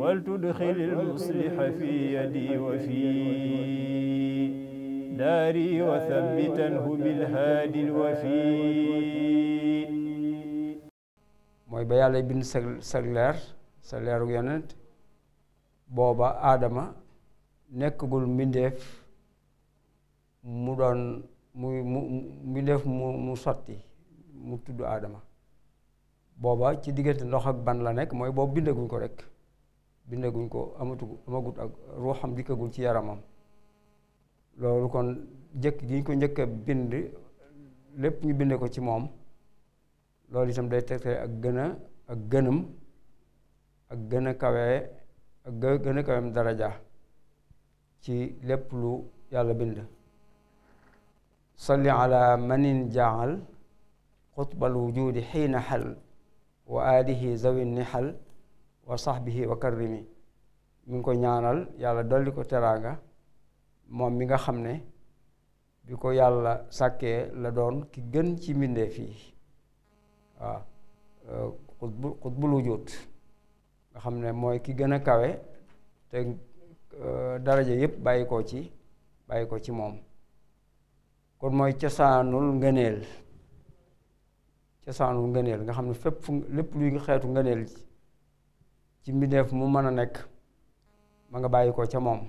ولتدخل المصلح في يدي وفي داري وثبتنه بالهادي الوفي mooy ba yàlla bind sa sa leer sa leeru yonent booba aadama nekkagul mbindeef mu doon mu mu mbindeef mu mu sotti mu tudd aadama booba ci diggante ndox ak ban la nekk mooy boobu bindaguñ ko rek bindaguñ ko amatu amagut ak ruuxam dikkagul ci yaramam loolu kon jëkk gi ñu ko njëkk bind lépp ñu binde ko ci moom loolu itam day tegtale ak gëna ak gënam ak gën a kawee ak gën a kaweem daraja ci lépp lu yàlla bind salli ala manin jaal xutbal wujudi xiina xal wa aalihi zawi nihal wa sahbihi wa karrimi mi ngi ko ñaanal yàlla dolli ko teraanga moom mi nga xam ne bi ko yàlla sàkkee la doon ki gën ci mbindeef fii waaw xutbu euh, xutbul wujud nga xam ne mooy ki gën a kawe te euh, daraja yépp bàyyi ko ci bàyyi ko ci moom kon mooy cosaanul ngëneel cosaanul ngëneel nga xam ne fépp lépp luy xeetu ngëneel ci mbindeef mu mën a nekk ma nga bàyyi ko ca moom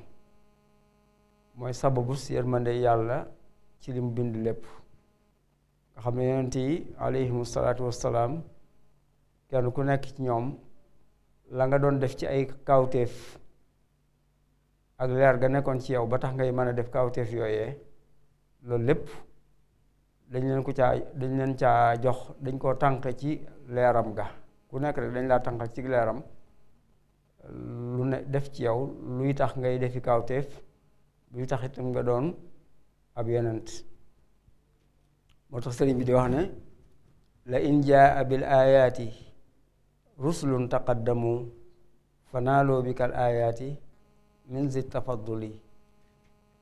mooy sababu si yërmande yàlla ci li mu bind lépp nga xam ne yonent yi aleyhimu salaatu wassalaam kenn ku nekk ci ñoom la nga doon def ci ay kawteef ak leer ga nekkoon ci yow ba tax ngay mën a def kawteef yooyee loolu lépp dañ leen ko caa dañ leen caa jox dañ koo tànq ci leeram ga ku nekk dañ laa tànq ci leeram lu ne def ci yow luy tax ngay defi kawteef luy tax itam nga doon ab yonent moo tax sëriñ bi di wax ne la in jaa bil ayaati rusulun taqaddamu fanaaloo bi kal ayaati min zi tafadduli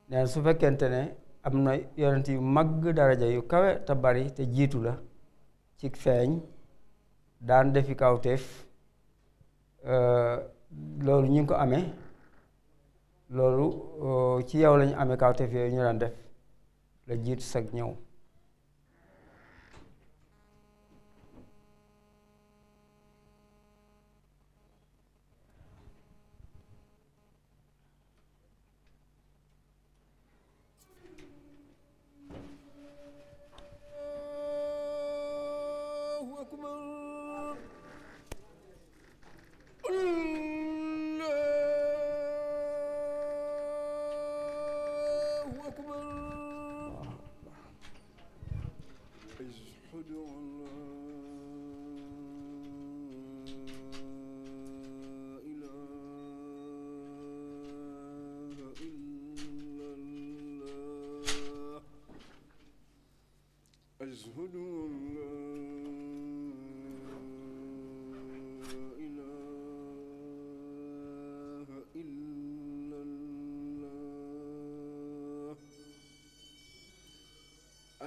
neen su fekkente ne am na yonent yu màgg daraja yu kawe te bari te jiitu la ci feeñ daan defi kawteef euh, loolu ñu ko amee loolu euh, ci yow lañu amee kawteef yooyu ñu daan def la jiitu sag ñëw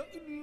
إلا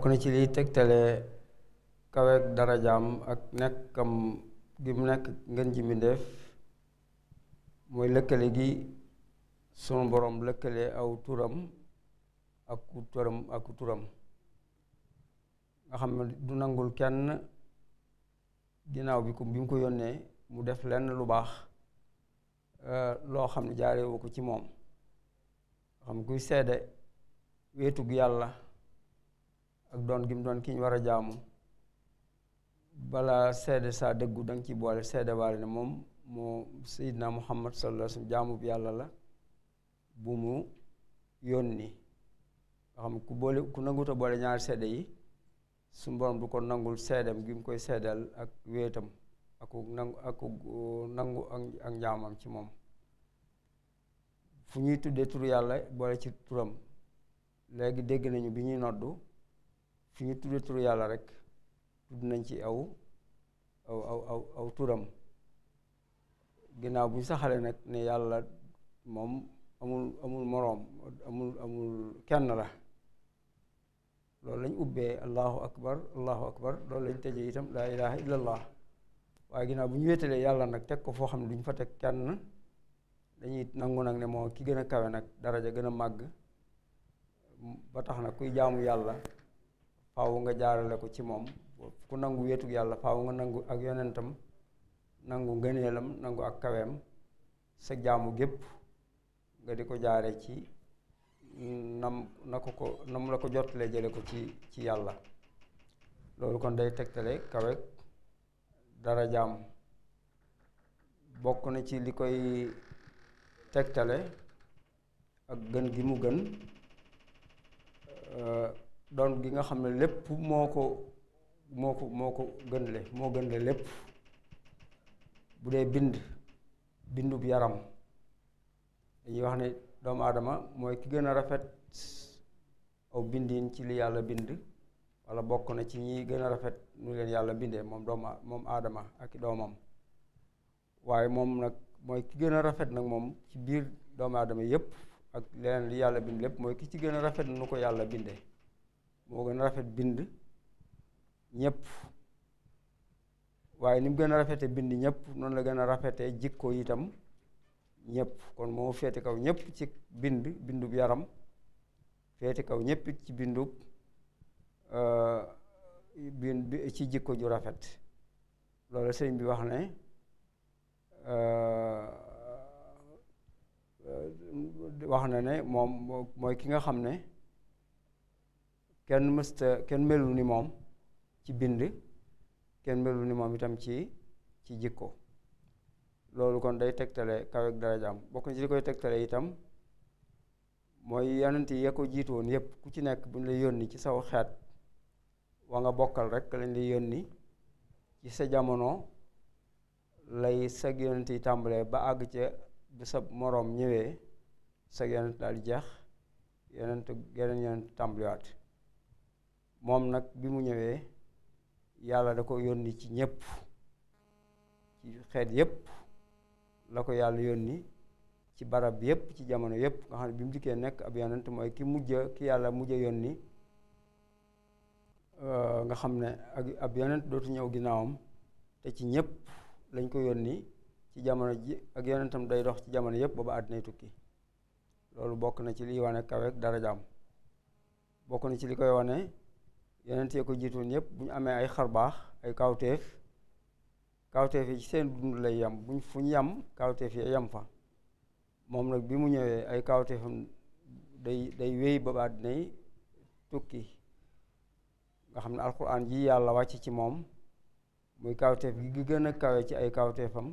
kon ci liy tegtale kaweeg darajaam ak nekkam gi mu nekk ngeen ji mbindéef mooy lëkkale gi sunu borom lëkkale aw turam ak ku turam ak turam nga xam ne du nangul kenn ginnaaw bi ko bi mu ko yónnee mu def lenn lu baax euh, loo xam ne jaarewu ko ci moom nga xam kuy seede wéetug yàlla ak doon gi mu doon ki ñu war a jaamu balaa sedd saa dëggu danga ci ciy boole seede waale ne moom moo Seydina Muhammad sallallahu alayhi wa sallam jaamu bi yàlla la bu mu yónni nga ku boole ku nanguta boole ñaari sedd yi su borom du ko nangul seedam gi mu koy seedal ak wéetam ak nangu ak njaamam ci moom fu ñuy tuddee tur yàlla boole ci turam léegi dégg nañu bi ñuy noddu fi ñu tuddee turu yàlla rek tudd nañ ci aw aw aw aw aw ginnaaw bu ñu saxalee nag ne yàlla moom amul amul moroom amul amul kenn la loolu lañ ubbee allahu akbar allahu akbar loolu lañ tëjee itam laa ilaha illallah waaye ginnaaw bu ñu wéetalee yàlla nag teg ko foo xam ne duñ fa teg kenn dañuy nangu nag ne moo ki gën a kawe nag daraja gën a màgg ba tax na kuy jaamu yàlla faaw nga jaarale ko ci moom ku nangu wéetug yàlla faaw nga nangu ak yonentam nangu ngëneelam nangu ak kaweem sa jaamu gépp nga di ko jaare ci nam na ko ko nam la ko jottale jële ko ci ci yàlla loolu kon day tegtale kawe dara jaam bokk na ci li koy tegtale ak gën gi mu gën euh, don gi nga xam ne lépp moo ko moo ko moo ko gënle moo gënle lépp bu dee bind bindub yaram dañuy wax ne doomu aadama mooy ki gën a rafet aw bindin ci li yàlla bind wala bokk na ci ñi gën a rafet nu leen yàlla bindee moom doomu moom aadama ak doomam waaye moom nag mooy ki gën a rafet nag moom ci biir doomu aadama yépp ak leneen li yàlla bind lépp mooy ki ci gën a rafet nu ko yàlla bindee moo gën a rafet bind ñëpp waaye ni gën a rafete bind ñëpp noonu la gën a rafete jikko itam ñëpp kon moo feeti kaw ñëpp ci bind bindub yaram feeti kaw ñëpp ci bindub euh, bind ci jikko ju rafet loolu sëriñ bi wax ne euh, euh, wax na ne moom mooy ki nga xam ne kenn mësta kenn melu ni moom ci bind kenn melu ni moom itam ci ci jikko loolu kon day tegtale kaweeg darajaam bokk na ci li koy tegtale itam mooy yonent yi ya ko jiitu woon yépp ku ci nekk bu ñu la ci saw xeet waa nga bokkal rek lañ lay yónni ci sa jamono lay sag yonent tàmbalee ba àgg ca bu sa moroom ñëwee sag yonent daal jeex yonent geneen yonent tàmbaliwaat moom nag bi mu ñëwee yàlla da ko yónni ci ñépp ci xeet yépp la ko yàlla yónni ci barab yépp ci jamono yépp nga xam ne bi mu dikkee nekk ab yonent mooy ki mujja ki yàlla mujja yónni euh, nga xam ne ak ab yonent dootu ñëw ginnaawam te ci ñépp lañ ko yónni ci jamono ji ak yonentam day dox ci jamono yépp booba àddinay tukki loolu bokk na ci liy wane kaweek darajaam bokk na ci li koy wane yeneen yee ko jiitoon yëpp bu ñu amee ay xarbaax ay kawteef kawteef yi ci seen dund lay yem buñ fu ñu yem kawteef yi yem fa moom nag bi mu ñëwee ay kawteefam day day wéy ba ba àddina yi tukki nga xam ne alquran ji yàlla wàcc ci moom muy kawteef gi gën a kawe ci ay kawteefam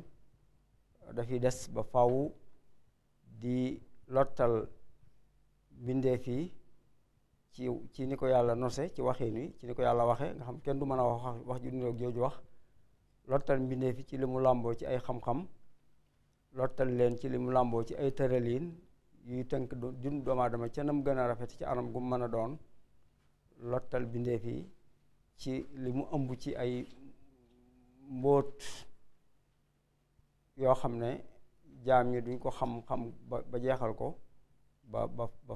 dafi des ba faw di lottal mbindeef yi ci ci ni ko yàlla nose ci waxin wi ci ni ko yàlla waxe nga xam kenn du mën a wax wax ju niroog jooju wax lottal mbindee fi ci li mu làmboo ci ay xam-xam lottal leen ci limu làmboo ci ay tëraliin yuy tënk dund doomu aadama ca nam gën a rafet ci anam gu mu mën a doon lottal bindee fi ci limu mu ëmb ci ay mbóot yoo xam ne jaam ñi duñ ko xam-xam ba jeexal ko ba ba ba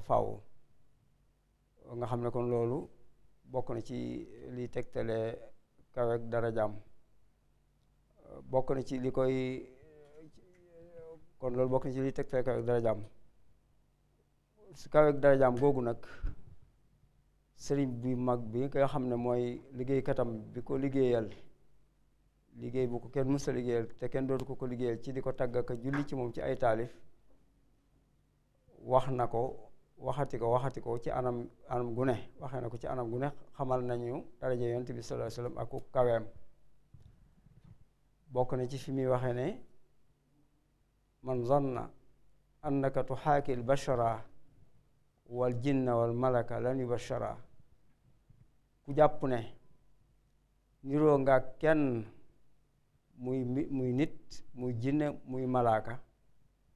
nga xam ne kon loolu bokk na ci li tegtale kaweeg dara jaam bokk na ci li koy kon loolu bokk na ci li tegtale kaweeg dara jaam su googu nag sëriñ bi mag bi nga xam ne mooy liggéeykatam bi ko liggéeyal liggéey bu ko kenn mësa liggéeyal te kenn dootu ko ko liggéeyal ci di ko tàgg ak julli ci moom ci ay taalif wax na ko waxati ko waxati ko ci anam anam gune waxee na ko ci anam gune xamal nañu daraja yonent bi sallallahu alayhi wasallam ak ku bokk na ci fi muy waxee ne man zanna annaka xaakil lbashara wal jinna wal malaka lan yubashara ku jàpp ne niroo nga kenn muy muy nit muy jinne muy malaaka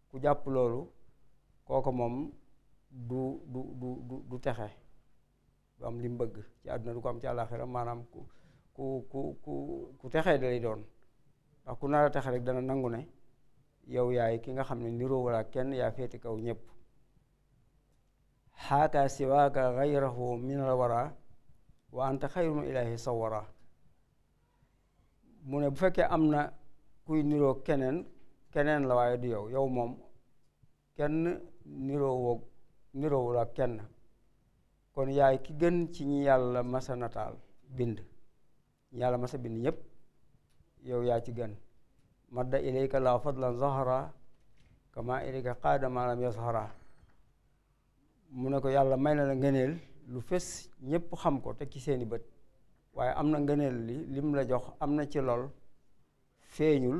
ku jàpp loolu kooku moom du du du du texe du am li mu bëgg ci àdduna du ko am ci àllaaxira maanaam ku ku ku ku texe texee da doon ndax ku nar a texe rek dana nangu ne yow yaay ki nga xam ne niroo wala kenn yaa féeti kaw ñépp xaaka siwaaka gayrahu min al wara wa anta mu ne bu fekkee am na kuy niroo keneen keneen la waaye du yow yow moom kenn niroo woog niroowul ak kenn kon yaay ki gën ci ñi yàlla masa nataal bind ñi yàlla masa bind ñépp yow yaa ci gën madda ilayka la fadlan zahara kama mu ne ko yàlla may na la ngëneel lu fes ñépp xam ko teg ci seeni bët waaye am na ngëneel li lim la jox am na ci lool feeñul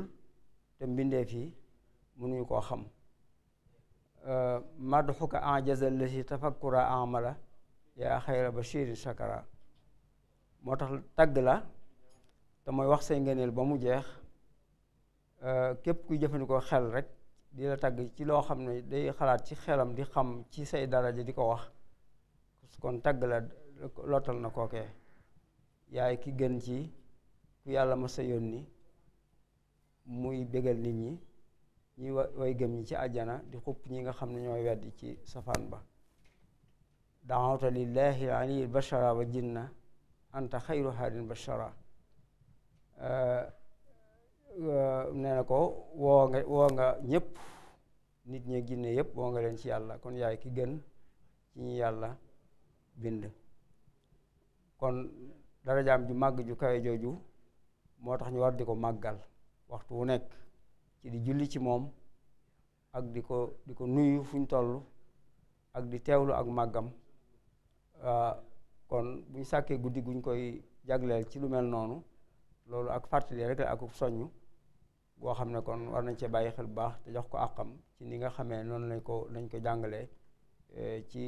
te mbindeef yi mënuñu koo xam madxuka anjaza lasi tafakkura amala yaa xayra bashirin shakara moo tax tagg la te mooy wax say ngeneel ba mu jeex képp kuy jëfandikoo xel rek di la tagg ci loo xam ne day xalaat ci xelam di xam ci say daraja di ko wax kon tagg la lottal na kookee yaay ki gën ci ku yàlla ma sa yónni muy bégal nit ñi ñi way gëm ñi ci àjjana di xupp ñi nga xam ne ñooy weddi ci safaan ba daawta lillahi aliyi bashara wa jinna anta xayru haadin bashara nee na ko woo nga ñépp nit ñi ginne yépp woo nga leen ci yàlla kon yaay ki gën ci ñi yàlla bind kon darajaam ju màgg ju kawe jooju moo tax ñu war di ko màggal waxtu wu nekk ci di julli ci moom ak di ko di ko nuyu fu ñu toll ak di teewlu ak màggam ah, kon buñ sàkkee guddi guñ koy jagleel ci lu mel noonu loolu ak fàttali rek la ak soññ goo xam ne kon war nañ cee bàyyi xel bu baax te jox ko àqam ci ni nga xamee noonu lañ ko lañ ko jàngalee eh, ci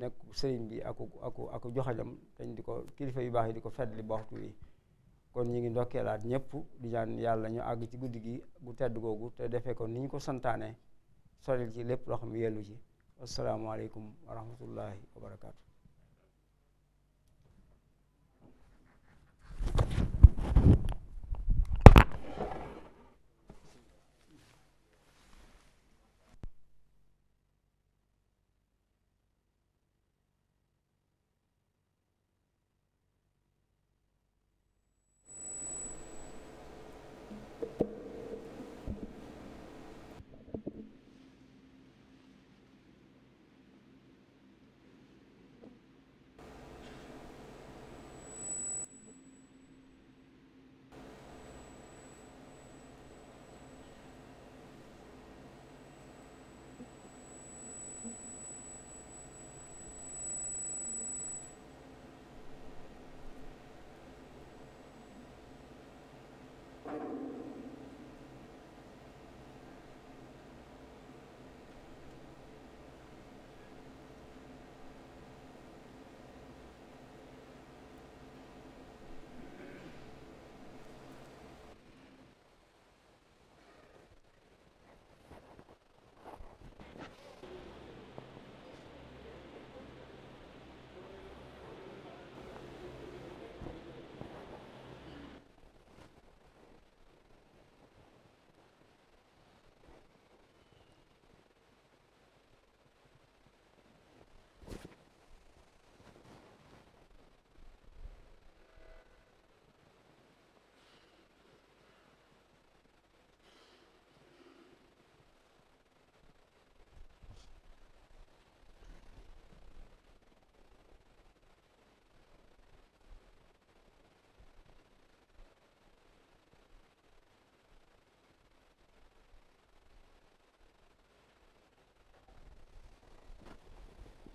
nekk sëriñ bi aku aku aku joxajam dañ di ko kilifa yu baax yi di ko fedd li ba waxtu kon ñu ngi ndokkeelaat ñëpp du ñaan yàlla ñu àgg ci guddi gi gu tedd googu te defee ko ni ñu ko santaane soril ci lépp loo xam yellu ci asalaamaaleykum wa rahmatullahi wa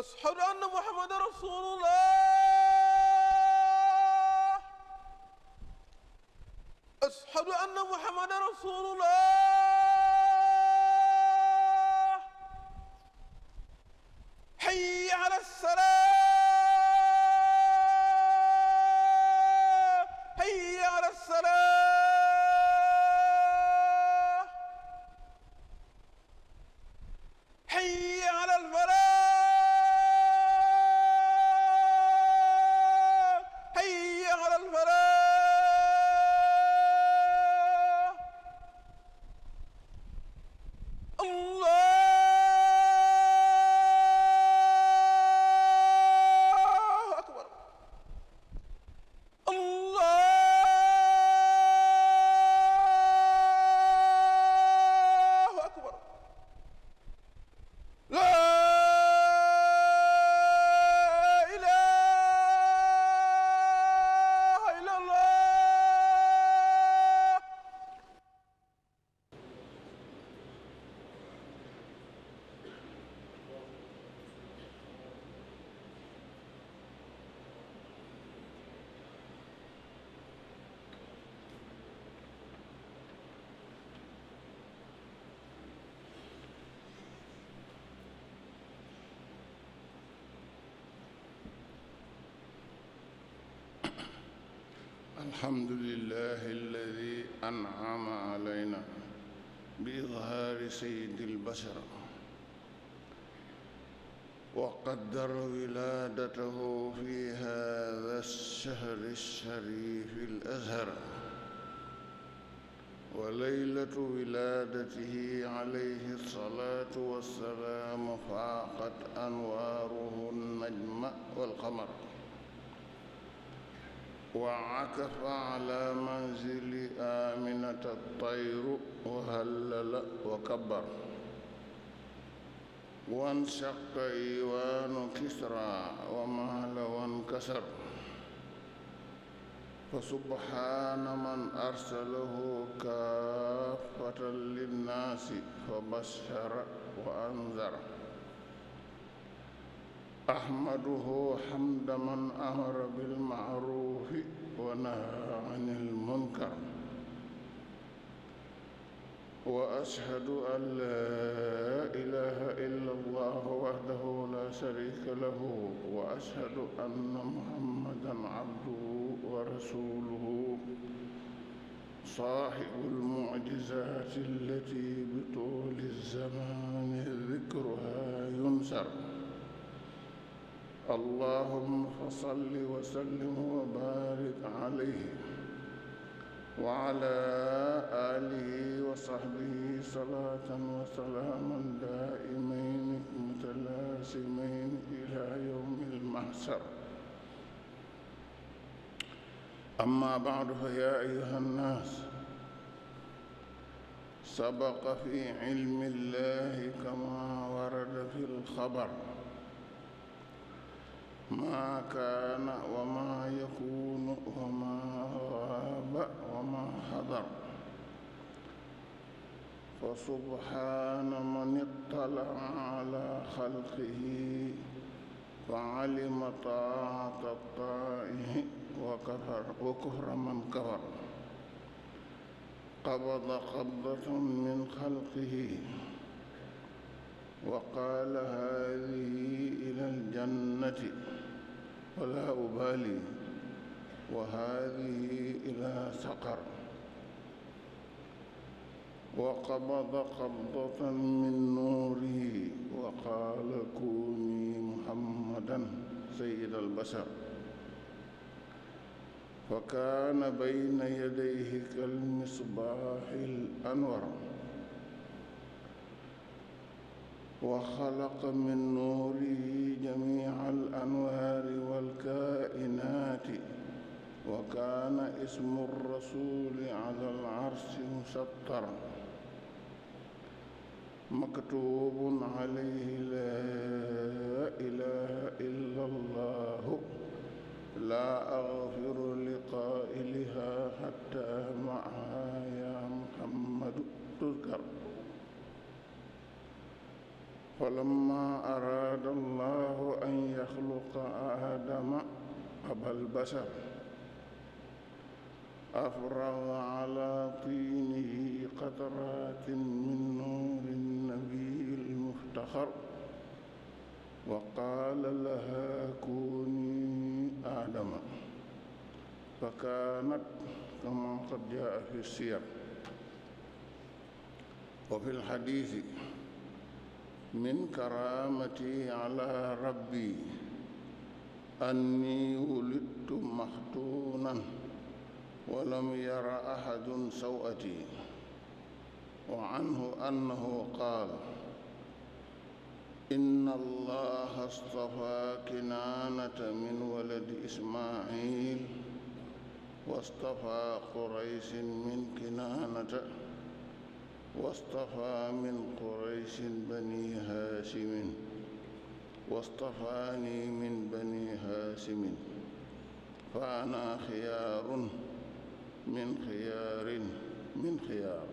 ashhadu anna muhammadan rasulullah ashhadu anna muhammadan rasulullah الحمد لله الذي أنعم علينا بإظهار سيد البشر وقدر ولادته في هذا الشهر الشريف الأزهر وليلة ولادته عليه الصلاة والسلام فاقت أنواره النجم والقمر وعكف على منزل آمنة الطير وهلل وكبر وانشق إيوان كسرى ومهل وانكسر فسبحان من أرسله كافة للناس فبشر وأنذر أحمده حمد من أمر بالمعروف ونهى عن المنكر وأشهد أن لا إله إلا الله وحده لا شريك له وأشهد أن محمدا عبده ورسوله صاحب المعجزات التي بطول الزمان ذكرها ينسر اللهم فصل وسلم وبارك عليه وعلى آله وصحبه صلاة وسلاما دائمين متلازمين إلى يوم المحشر أما بعد فيا أيها الناس سبق في علم الله كما ورد في الخبر ما كان وما يكون وما غاب وما حضر فسبحان من اطلع على خلقه وعلم طاعة الطائه وكفر وكفر من كفر قبض قبضة من خلقه وقال هذه إلى الجنة ولا أبالي وهذه إلى سقر وقبض قبضة من نوره وقال كوني محمدا سيد البشر فكان بين يديه كالمصباح الأنور وخلق من نوره جميع الأنوار والكائنات وكان اسم الرسول على العرش مسطرا مكتوب عليه لا إله إلا الله لا أغفر لقائلها حتى معها يا محمد تذكر ولما أراد الله أن يخلق آدم أبا البشر أفرغ على طينه قطرات من نور النبي المفتخر وقال لها كوني آدم فكانت كما قد جاء في السير وفي الحديث من كرامتي على ربي أني ولدت مختونا ولم ير أحد سوءتي وعنه أنه قال إن الله اصطفى كنانة من ولد إسماعيل واصطفى قريش من كنانة واصطفى من قريش بني هاشم واصطفاني من بني هاشم فأنا خيار من خيار من خيار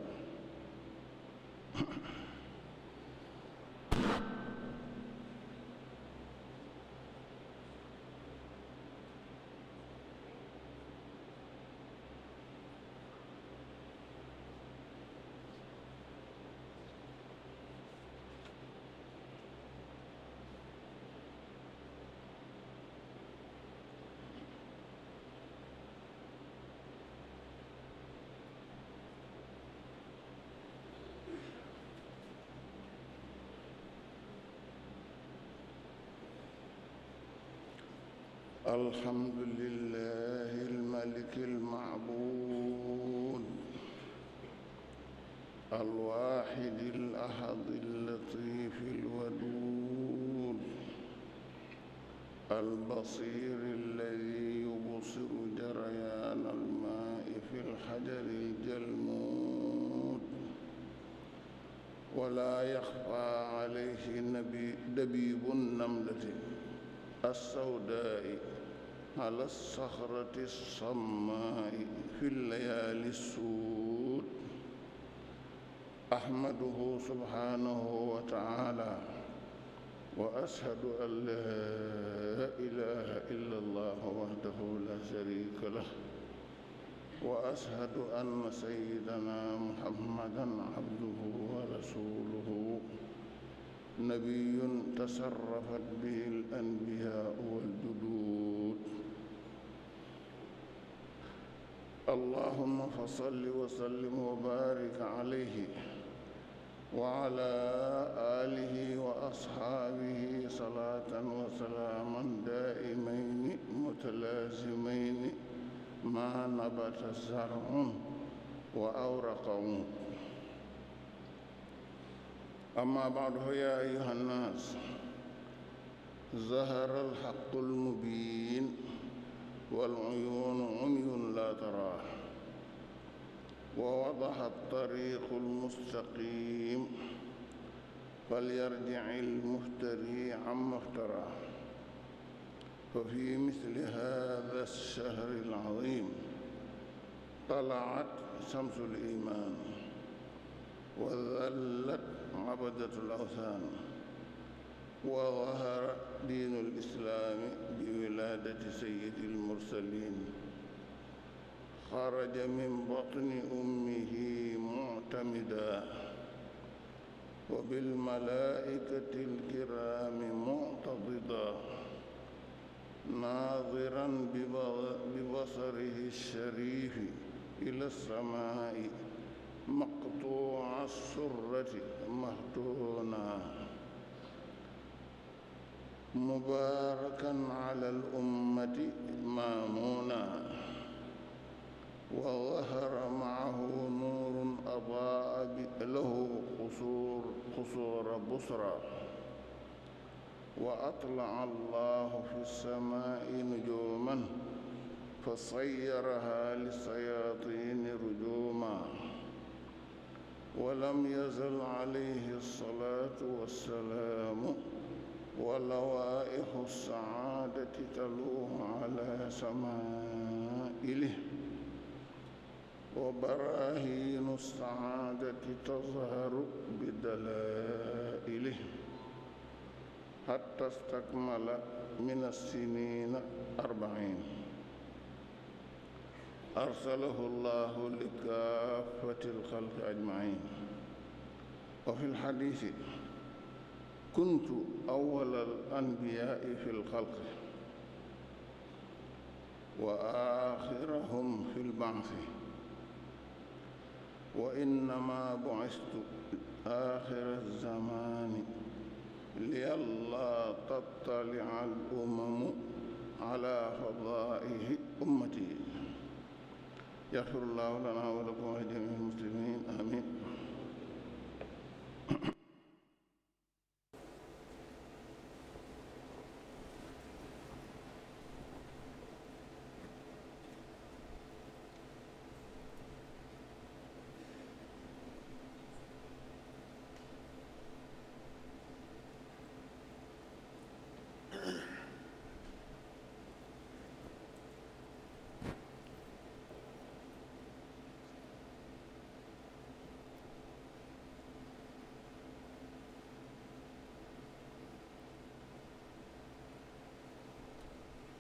الحمد لله الملك المعبود الواحد الأحد اللطيف الودود البصير الذي يبصر جريان الماء في الحجر الجلمود ولا يخفى عليه نبي دبيب النملة السوداء ala saxrati sammaai fi layaali suud ahmaduhu subhaanahu wa taala wa ashhadu an laa ilaaha illa allah wahdahu laa shariika lah wa ashhadu anna sayyidana muhammadan abduhu wa rasuluhu nabiyyun tasarrafat bihi al anbiyaa wal juduud اللهم فصل وسلم وبارك عليه وعلى آله وأصحابه صلاة وسلاما دائمين متلازمين ما نبت زرع وأورق أما بعد يا أيها الناس ظهر الحق المبين والعيون عمي لا تراه ووضح الطريق المستقيم فليرجع المفتري عما افتراه ففي مثل هذا الشهر العظيم طلعت شمس الإيمان وذلت عبدة الأوثان وظهر دين الإسلام بولادة سيد المرسلين خرج من بطن أمه معتمدا وبالملائكة الكرام معتضدا ناظرا ببصره الشريف إلى السماء مقطوع السرة مهتونا مباركا على الأمة مامونا وظهر معه نور أضاء له قصور قصور بصرى وأطلع الله في السماء نجوما فصيرها للشياطين رجوما ولم يزل عليه الصلاة والسلام ولوائح السعادة تلوح على سمائله وبراهين السعادة تظهر بدلائله حتى استكمل من السنين أربعين أرسله الله لكافة الخلق أجمعين وفي الحديث kuntu awwalal anbiyaai fi lxalq wa aaxirahum fi lbansi wa innama buistu aaxira zamaani liyallaa tattalica al umamu ala fadaa'ihi ummati yaxfirullaahu lanaa wa lakum wa li jamii'il muslimiin amiin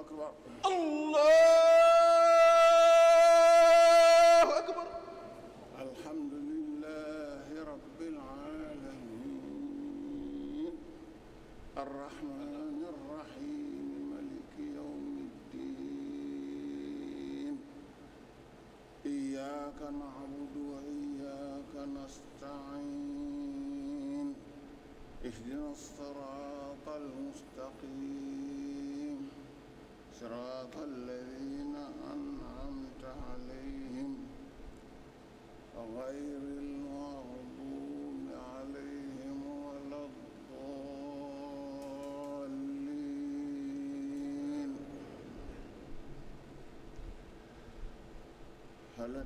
akbar allahu akbar alhamdulillahi rabbil alamin arrahman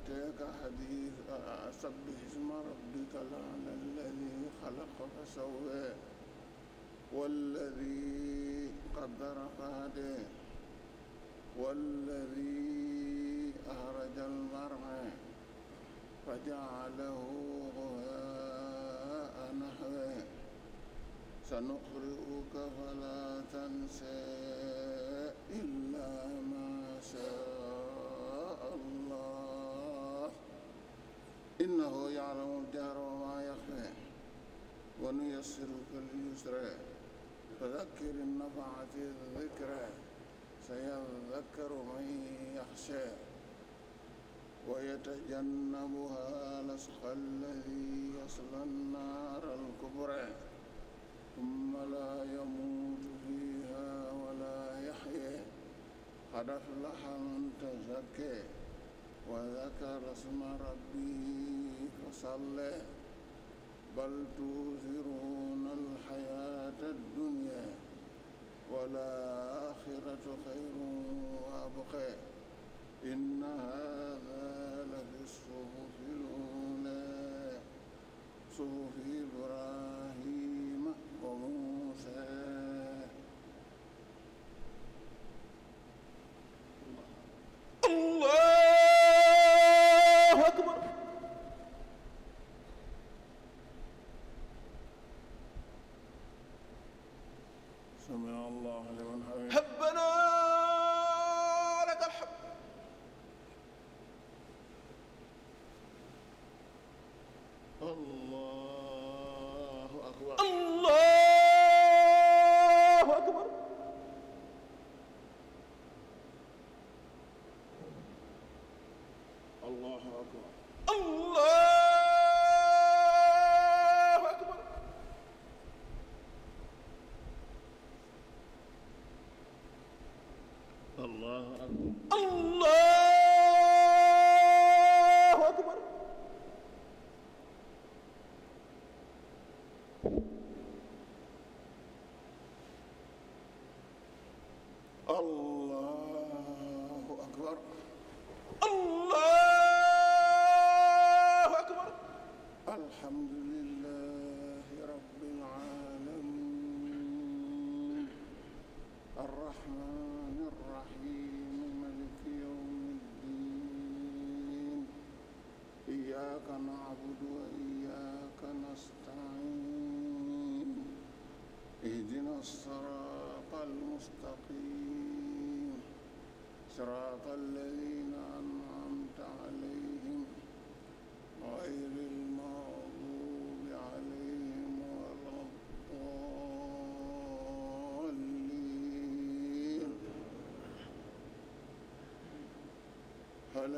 أتاك حديث سبح اسم ربك الأعلى الذي خلق فسوى والذي قدر فهدى والذي أخرج المرعى فجعله غهاء نحوه سنقرئك فلا تنسى إلا ونيسرك لليسرى فذكر النفعة الذكرى سيذكر من يخشى ويتجنبها الأشقى الذي يصلى النار الكبرى ثم لا يموت فيها ولا يحيى قد أفلح من تزكى وذكر اسم ربه فصلى بل تؤثرون الحياة الدنيا والآخرة خير وأبقى إن هذا لفي الصحف الأولى صحف إبراهيم الله أكبر الله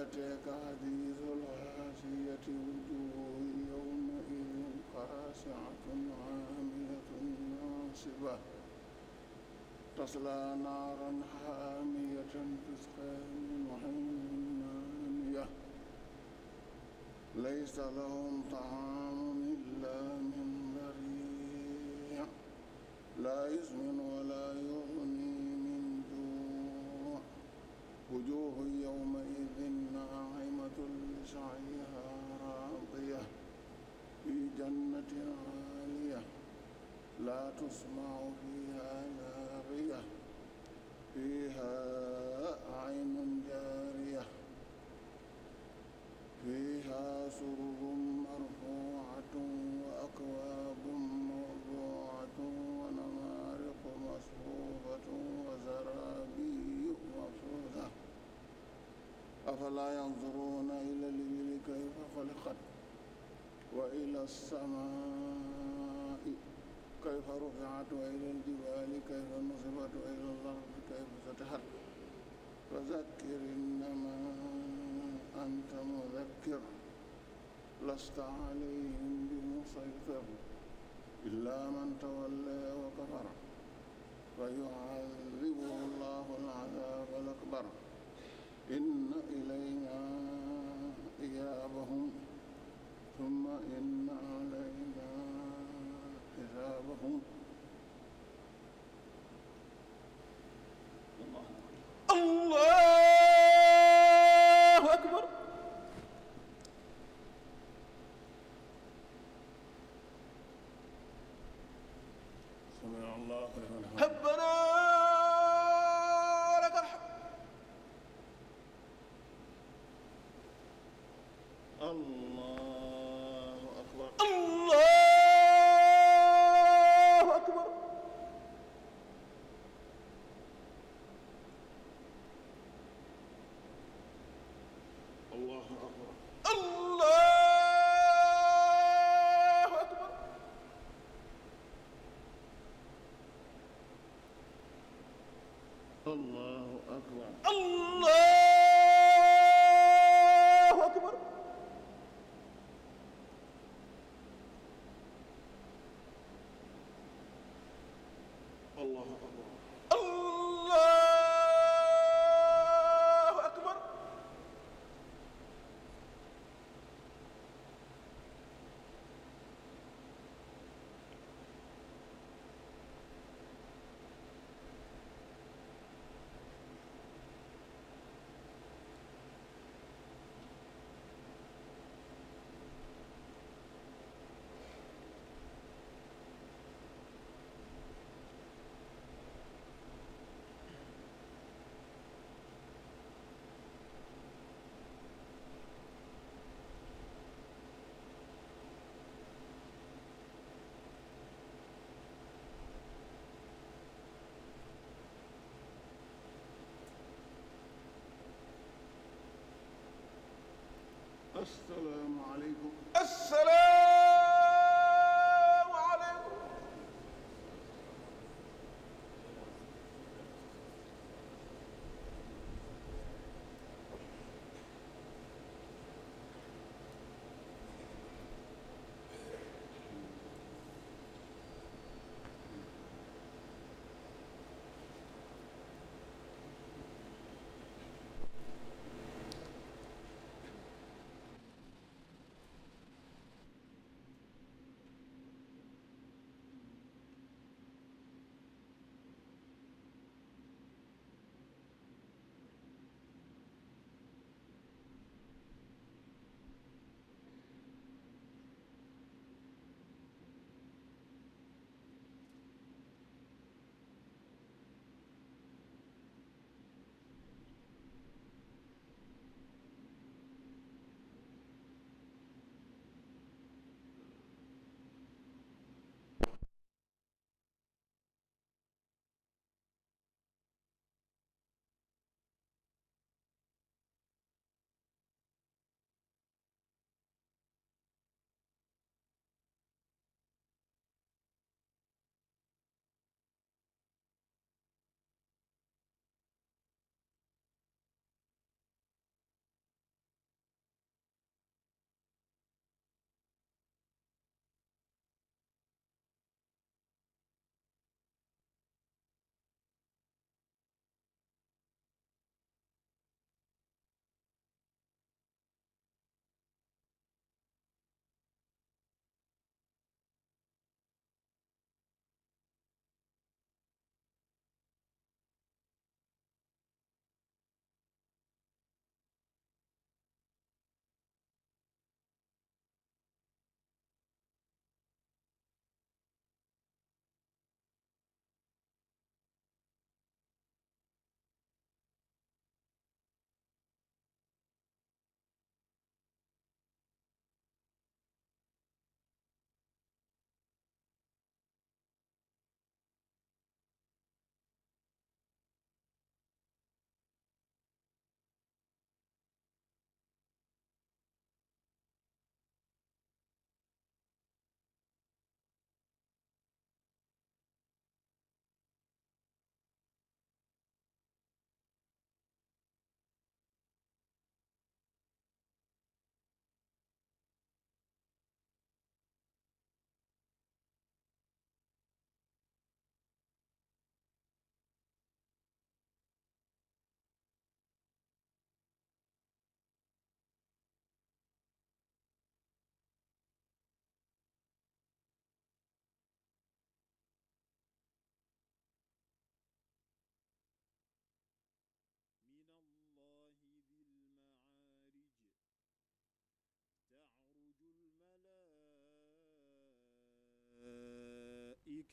أتاك حديث الغاشية وجوه يومئذ خاشعة عاملة ناصبة تصلى نارا حامية تسقى من عين آنية ليس لهم طعام إلا من ضريع لا يسمن ولا يغني من جوع وجوه يوم سعيها راضية في جنة عالية لا تسمع فيها لاغية فيها السماوات وإلى الجبال كيف نصبت وإلى الأرض كيف فتحت فذكر إنما أنت مذكر لست عليهم بمسيطر إلا من تولى وكفر فيعذبه الله العذاب الأكبر إن إلينا إيابهم ثم إن علينا حسابهم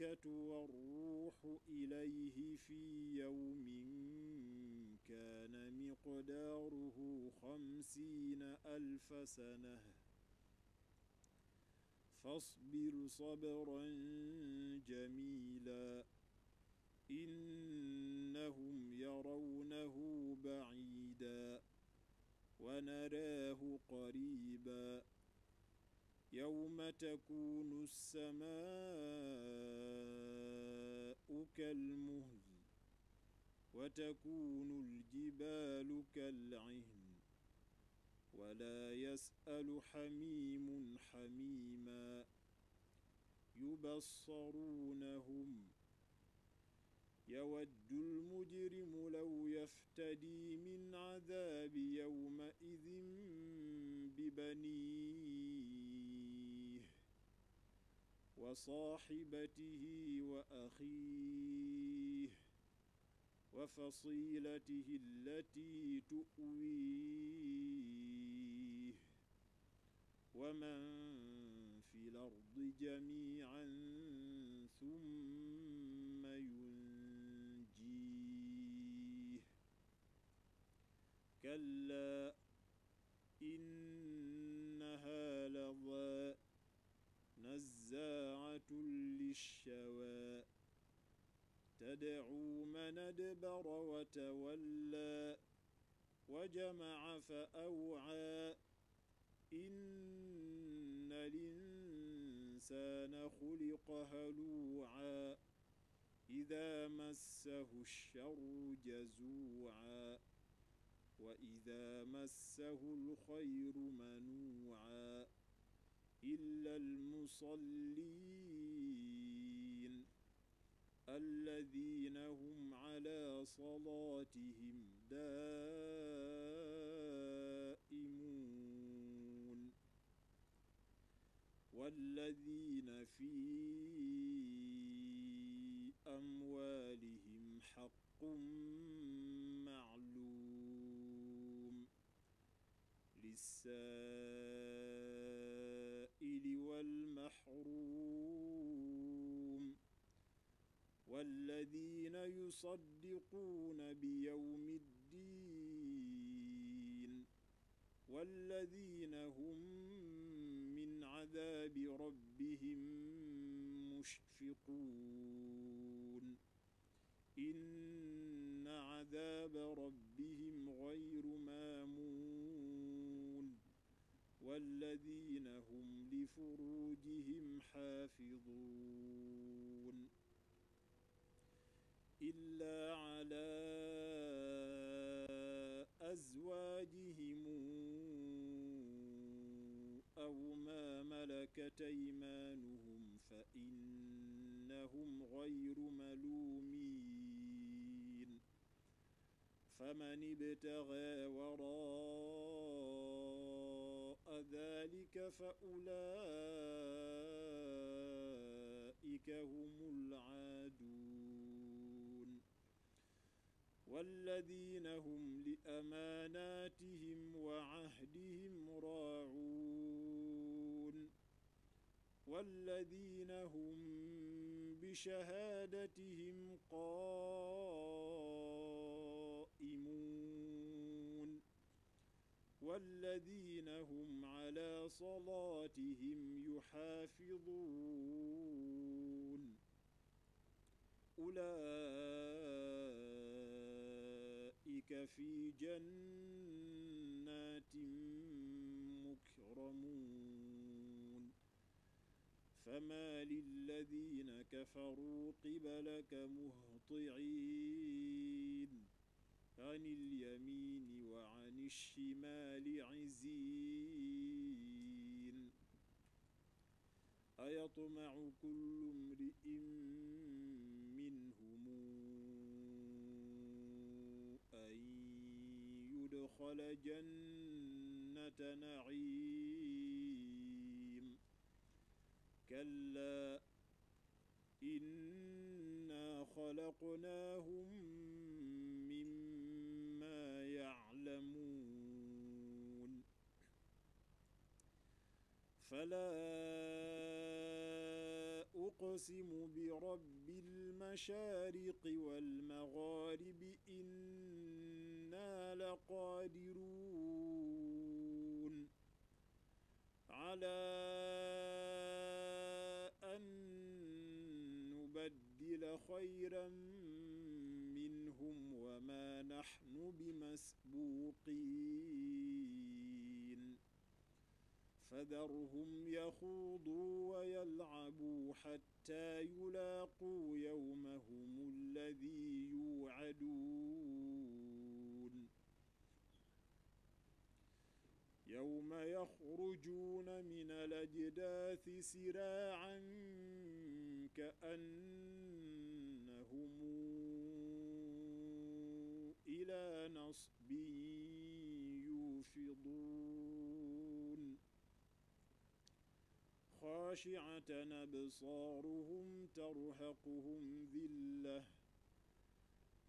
الملائكة والروح إليه في يوم كان مقداره خمسين ألف سنة فاصبر صبرا جميلا إنهم يرونه بعيدا ونراه قريبا يوم تكون السماء الماء كالمهل وتكون الجبال كالعهن ولا يسأل حميم حميما يبصرونهم يود المجرم لو يفتدي من عذاب يومئذ ببنيه وصاحبته وأخيه وفصيلته التي تؤويه ومن في الأرض جميعا ثم ينجيه كلا نازعة للشوى تدعو من أدبر وتولى وجمع فأوعى إن الإنسان خلق هلوعا إذا مسه الشر جزوعا وإذا مسه الخير منوعا إلا المصلين الذين هم على صلاتهم دائمون والذين في أموالهم حق معلوم للسائل والذين يصدقون بيوم الدين والذين هم من عذاب ربهم مشفقون إن عذاب ربهم غير مامون والذين هم لفروجهم حافظون إلا على أزواجهم أو ما ملكت أيمانهم فإنهم غير ملومين فمن ابتغى وراء ذلك فأولئك هم والذين هم لأماناتهم وعهدهم راعون والذين هم بشهادتهم قائمون والذين هم على صلاتهم يحافظون أولئك أولئك في جنات مكرمون فما للذين كفروا قبلك مهطعين عن اليمين وعن الشمال عزين أيطمع كل امرئ أدخل جنة نعيم كلا إنا خلقناهم مما يعلمون فلا أقسم برب المشارق والمغارب إن إنا لقادرون على أن نبدل خيرا منهم وما نحن بمسبوقين فذرهم يخوضوا ويلعبوا حتى يلاقوا يومهم الذي يوعدون يوم يخرجون من الأجداث سراعا كأنهم إلى نصب يوفضون خاشعة أبصارهم ترهقهم ذلة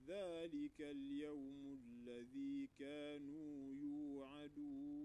ذلك اليوم الذي كانوا يوعدون